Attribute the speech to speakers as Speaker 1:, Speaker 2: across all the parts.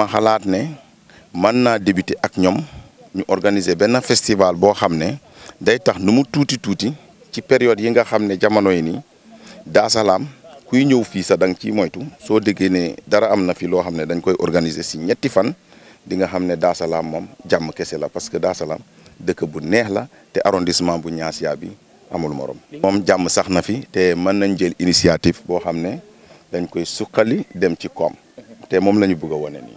Speaker 1: ma xalaat ne mën naa débuter ak ñoom ñu organiser benn festival boo xam ne day tax nu mu tuuti tuuti ci période yi nga xam ne jamono yi nii daasalaam kuy ñëw fii sa dang ciy moytu soo déggee ne dara am na fi loo xam ne dañ koy organiser si ñetti fan di nga xam ne daasalaam moom jàmm kese la parce que daasalaam dëkk bu neex la te arrondissement bu Niass Yab bi amul morom. moom jàmm sax na fi te mën nañ jël initiative boo xam ne dañ koy sukkali dem ci kom te moom la ñu bëgg a wane nii.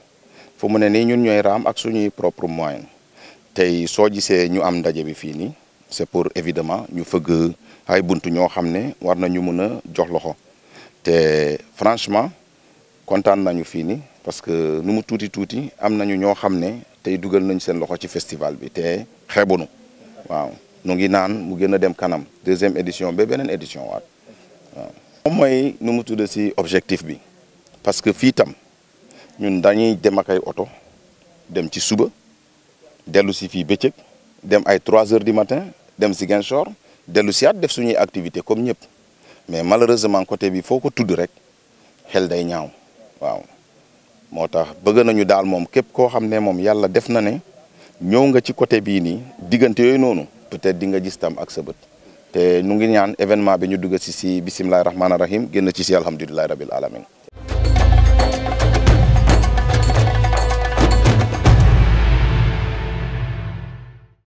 Speaker 1: fu mu ne nii ñun ñooy raam ak suñuy propre moyen tey soo gisee ñu am ndaje bi fini c'est pour évidemment ñu feug ay buntu ño xamné war nañu mëna jox loxo té franchement kontaan nañu fini parce que nu mu touti tuuti am nañu ñoo xam ne tey nañ sen loxo ci festival bi te xeebunu waaw nu ngi naan mu gëna dem kanam deuxième édition bé benen édition waaw. moy mooy nu mu tudd si objectif bi parce que fi tam. ñun dañuy dem ak oto dem ci suba dellu si fii bëccëg dem ay 3 heures du matin dem si Ziguinchor dellu si at def suñuy activité comme ñëpp mais malheureusement côté bi foo ko tudd rek xel day ñaaw waaw moo tax bëgg nañu daal moom kép koo xam ne moom yàlla def na ne ñëw nga ci côté bii nii diggante yooyu noonu peut-être di nga gis tam ak sa bët te ñu ngi ñaan événement bi ñu dugg si si bisimilah rahmaani rahim génn ci si alhamdulilah rabil alamin